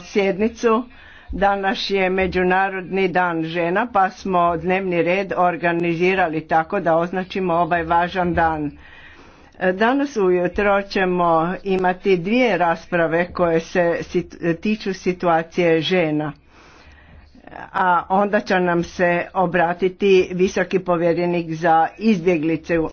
sjednicu. Danas je Međunarodni dan žena pa smo dnevni red organizirali tako da označimo ovaj važan dan. Danas ujutro ćemo imati dvije rasprave koje se tiču situacije žena. A onda će nam se obratiti visoki povjerenik za izbjeglice